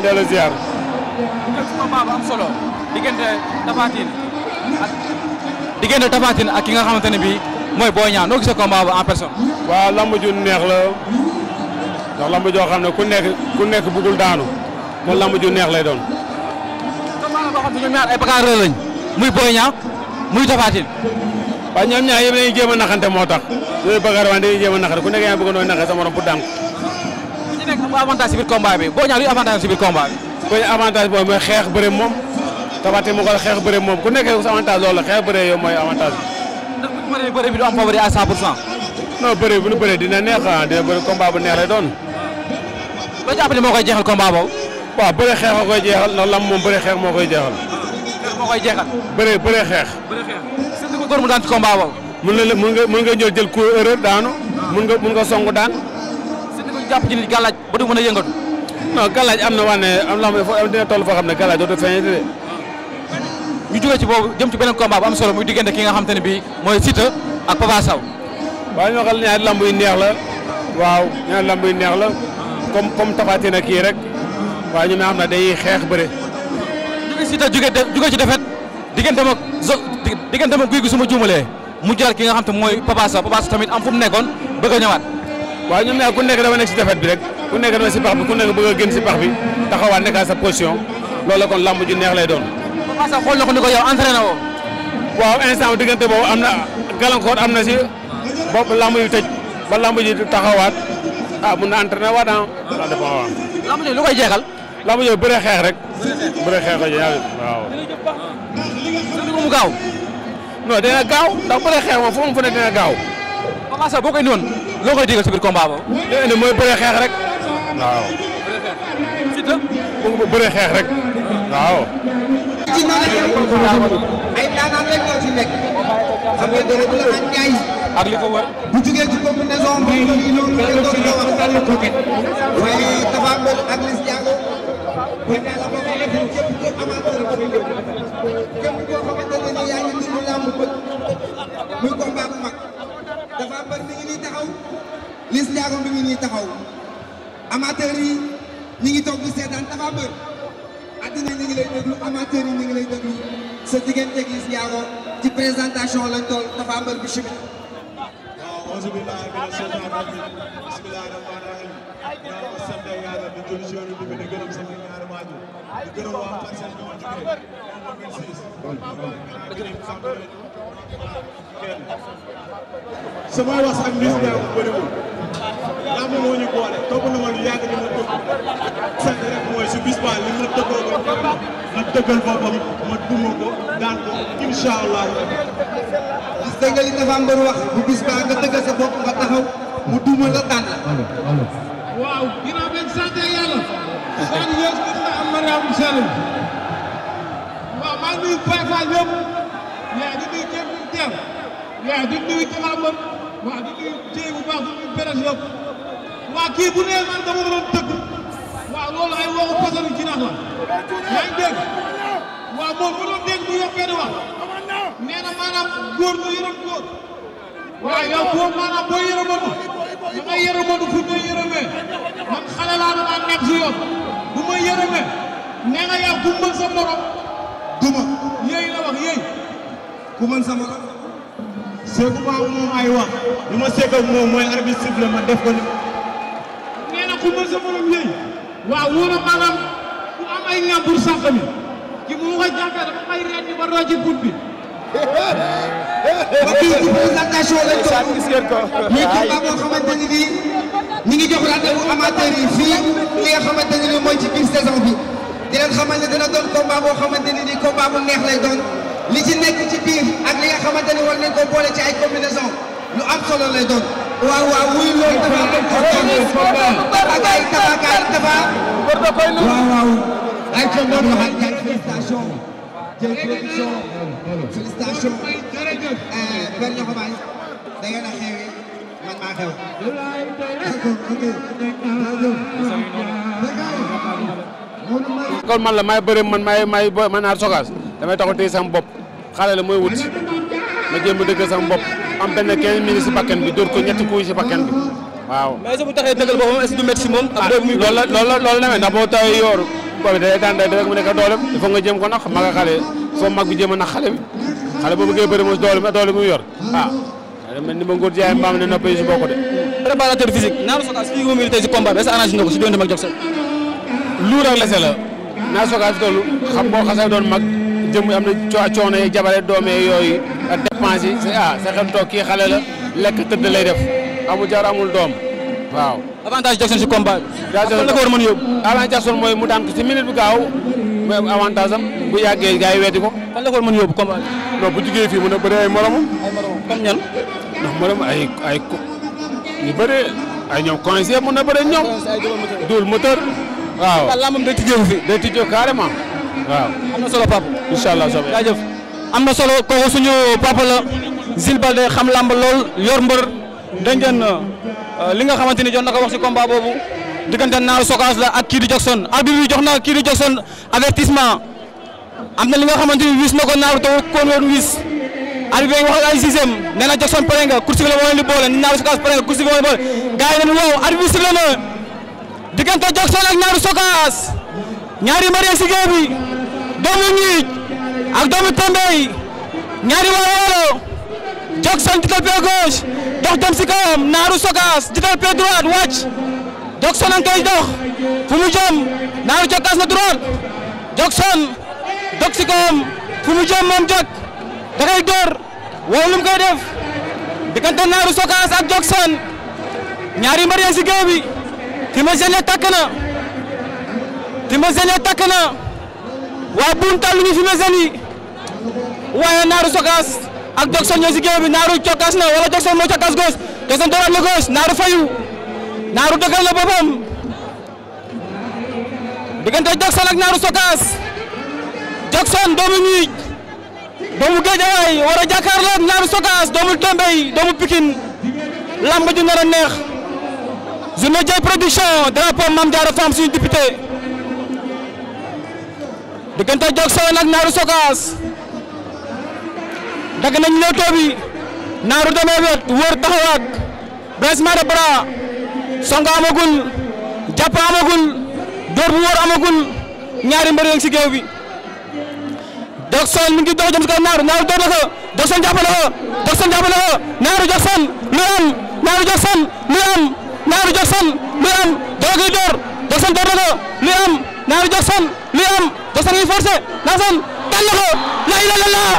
delloo ziar. bu njëkk combat bu am solo diggante ak diggante nga xamante ne bii mooy Boy Niang noo gisee combat bu en personne. waaw lamb neex la ndax lamb joo xam ne ku nekk ku nekk bëggul daanu moom lamb ju neex lay doon. combat la boo xam ne ñoom ñaar ay bagarreur lañ muy Boy Niang muy Tapha Tine. waaw ñoom ñaar yëpp dañuy moo tax. yooyu bagarreur waaye dañuy jéem a naxante ku nekk yaa ngi nooy naxee sa morom pour daan nekk am avantage ci biir combat bi boo ñaax luy avantage ci biir combat bi. boo ñaax avantage boobu mooy xeex bëre moom Taphatine mu xool xeex bëre moom ku nekkee sa avantage loolu la xeex bëre yow mooy avantage bi. ndax bu ñu bëree bëre bi du am favori à 100 pour cent. non bëre bu ñu bëree dina neex ah dina bëre combat bu neex lay doon. ba jàpp ne moo koy jeexal combat boobu. waaw bëre xeex moo koy jeexal ndax lam moom bëre xeex moo koy jeexal. xeex moo koy jeexal. bëre bëre xeex. bëre xeex sëñ bi góor mu daan ci combat boobu. mën nga mën nga mën nga ñëw jël coup erreur daanu mën nga mën nga song daan jàpp ci gàllaaj ba du mën a yëngatu. non gàllaaj am na wax ne am na xam ne dina toll foo xam ne gàllaaj dootu feeñ de. ñu jógee ci boobu jëm ci beneen combat bu am solo muy diggante ki nga xam te ne bii mooy Siteu ak Papa Sow. waaye ñoo xam ne ñaari yu neex la. waaw lamb yu neex la. comme comme tafaati na kii rek. waaye ñu am na ne day xeex bëre. ñu ngi Siteu jógee de jógee ci defet diggante ma zo diggante ma guy gi su ma juumalee mu jëlaat ki nga xam te mooy Papa Sow tamit am fu mu nekkoon bëgg a ñëwaat. waaye ñoom ñaar ku nekk dafa nekk si defet bi rek ku nekk dafa si pax bi ku nekk bëgg a si pax bi taxawaat nekkaat sa position loolu la kon lamb ju neex lay doon. waaw sax xool na ko ni ko diggante boobu am na gàllankoor am na si bopp lamb yu tëj ba lamb ji taxawaat ah mun na entraîné waat ah. lu koy jeexal. lamb yooyu bëre xeex rek. bëre xeex la ñaari waaw. dina mu gaaw. gaaw ndax bëre xeex moom fu mu fa ne dina gaaw. boo koy noonu. loo koy digal si biir combat boobu. li indi xeex rek. waaw. Siteu. xeex rek. waaw. ay daanaan rek ñoo ko wër. bu jugee ci combinaison bi ko wax dal ko kenn. waaye Tapha Mbeur ak Liss Ndiago. kon daal la ko waxee képp ko amateur ko képp koo xamante ne mbër mi ngi nii taxaw ngi nii taxaw amateurs yi ngi toog di seetaan Tapha Mbeur addina ñi ngi lay déglu amateurs yi ngi lay déglu sa digganteeg Liss Ndiago ci présentation lañ toll Tapha bi chimé waaw auzu billaahi mina shaytaani rajiim bismillaahi rahmaani rahiim naa ko sant yàlla di julli ci Yonent bi di gërëm samay wax ak Liss Ndiago bu bëriwul làmb moo ñu boole topp na ma lu yàgg ni ma dëgg sant rek mooy su bis baa li ma dëggoo ko ma ma duma ko daan ko incha allah. gis dégg nga dafa am wax bu bis baa nga dëggal sa bopp nga taxaw mu duma la daan waaw ginnaaw benn sant yàlla. daan yéen am Mariam Salim. waaw maa ngi nuyu Faye Fall yëpp. yaa ngi nuyu képp waaw di nuyu taxaw moom waaw di nuyu jéy bu baax di nuyu beneen lépp kii bu nee man dama doon dëgg waaw loolu ay waxu façon ci naan la yaa ngi dégg waaw moom bu doon dégg mu yor benn wax nee na maanaam góor ñu yërëm góor waaw yow góor maanaam boo yërëmatu da ngay yërëmatu fu ñu yërëmee man xale ma yërëmee yaa ku mën sa morom duma yéy la wax yéy ku mën sa morom seeku ma moom ay wax li ma seeg ak moom mooy arbitre siffle ma def ko ni nee na ku mën sa morom yëy waaw wóor a maanaam ku am ay ñam pour ngi jox rendez-vous amateur yi neex lay doon li ci nekk ci biir ak li nga xamante ne war nañ ko boole ci ay combinaison lu am solo lay doon. waaw waaw wuy loolu ak ay tabac ko may da ngeen a xewee man maa xew. la may bëre man may may Boy Manar damay taxaw tey sama bopp xale la mooy wut ma jéem a dëggal sama bopp am benn 15 si bakkan bi dóor ko ñetti kuy si bakkan bi waaw. mais est-ce que bu taxee si moom. ak loolu la loolu la loolu la demee ndax boo tawee yooru boobu day daan day a xale foo a nax ah. ma ngóor jaay mbaam ko milité si combat bi est-ce que arrangé na ko si diggante mag jox luur ak lese la Narou Sogas toll xam boo xasee doon mag jëm am na coo coono yi jabare doome yooyu ak dépense yi ah sa xel toog kii xale la lekk tëdd lay def amul jar amul doom waaw. avantage Jackson si combat Jackson la ko a mën yóbbu. avantage mooy mu daan ko si bu gaaw mooy avantage am bu yàggee gars yi weddi ko. fan la bu jugee fii mu ne bëri ay moromam. ay moromam comme ñan. ndax morom ay ay ku ñu bëri ay ñoom conseil mun na bëri ñoom. duul moteur waaw. waaw lambam day tijjeeku fi. day tijjeeku carrément. waaw am na solo papa. incha allah jaajëf am na solo kooku suñu papa la Zil Balde xam làmb lool yor mbër dégg ngeen euh, li nga xamante ni jot na ko wax ci combat boobu diggante Naar Sokaas la ak Kidi Jackson arbitre bi jox na Kidi Jackson avertissement am na li nga xamante ni wis na ko Naar te bi wax ay sixième nee na Jackson pare nga kursi bi la moo leen di boole Naar Sokaas pare nga kursi bi la moo leen boole gars yi nañu waaw arbitre na doomu Ngiic ak doomu Tembey ñaari waa Waalo jog san jiital pied gauche dox kawam Naaru Sokaas jiital pied droite wàcc Jokson a ngi koy dox fu mu jëm Naaru Sokaas na droite Jokson dox kawam fu mu jëm moom jog da door wala lu mu koy def Naaru Sokaas ak Jokson ñaari mbër si géew Tima Zéné takk Tima Zéné takk waa buntal ñu fi mesel waaye naaru sokaas ak Jackson ñoo si géew bi naaru cokaas na wala Jackson moo cokaas gos Jackson dooraat la naaru fayu naaru dëggal la boppam diggante Jackson ak naaru sokaas Jackson doomu ñuy doomu Géejawaay war a jàkkaarloo ak naaru sokaas doomu Tombey doomu Pikine lamb ju nar a neex journée Dieye Production drapeau Mame Diarra Fam suñu député diggante Diog Sène ak Narou Sogas dagg nañ leetoo bi Narou demee wet wër taxawaat baissement de bras songa amagul jàpp amagul dóor bu wóor amagul ñaari mbër yi ci géew bi Diog Sène mi ngi dox jëm ci kaw Narou Narou door na ko Diog Sène jàppale ko Diog Sène jàppale lu am Narou Diog lu am Narou door Diog Sène door lu am Narou Diog lu am Tyson ngi forcé Tyson daan na ko la ilaha illallah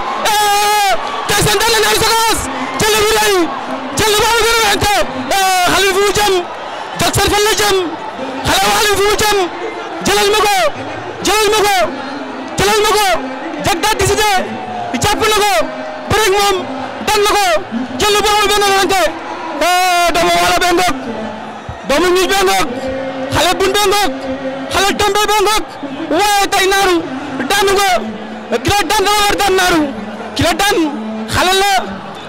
Tyson daan na ñaari séquence jël bu rëy jël bu amul wérante xale bi fu mu jëm Jackson fan la jëm xale bu xale bi fu mu jëm jëlal ma ko jëlal ma ko jëlal ma ko jag daa décidé jàpp na ko bëreeg moom daan na ko jël bu amul benn wérante eh, doomu wala benn doomu ñuy benn xale bun benn xale tombe benn waaye tey naaru daan nga ki daan dama war daan naaru ki daan xale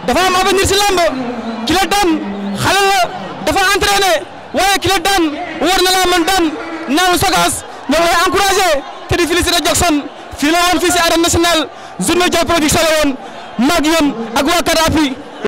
dafa am avenir si làmb ki daan xale dafa entraîné waaye ki daan war na daan naaru Sogas ñoo ngi lay encouragé te Jackson fii la si arène nationale journée Dia production la woon mag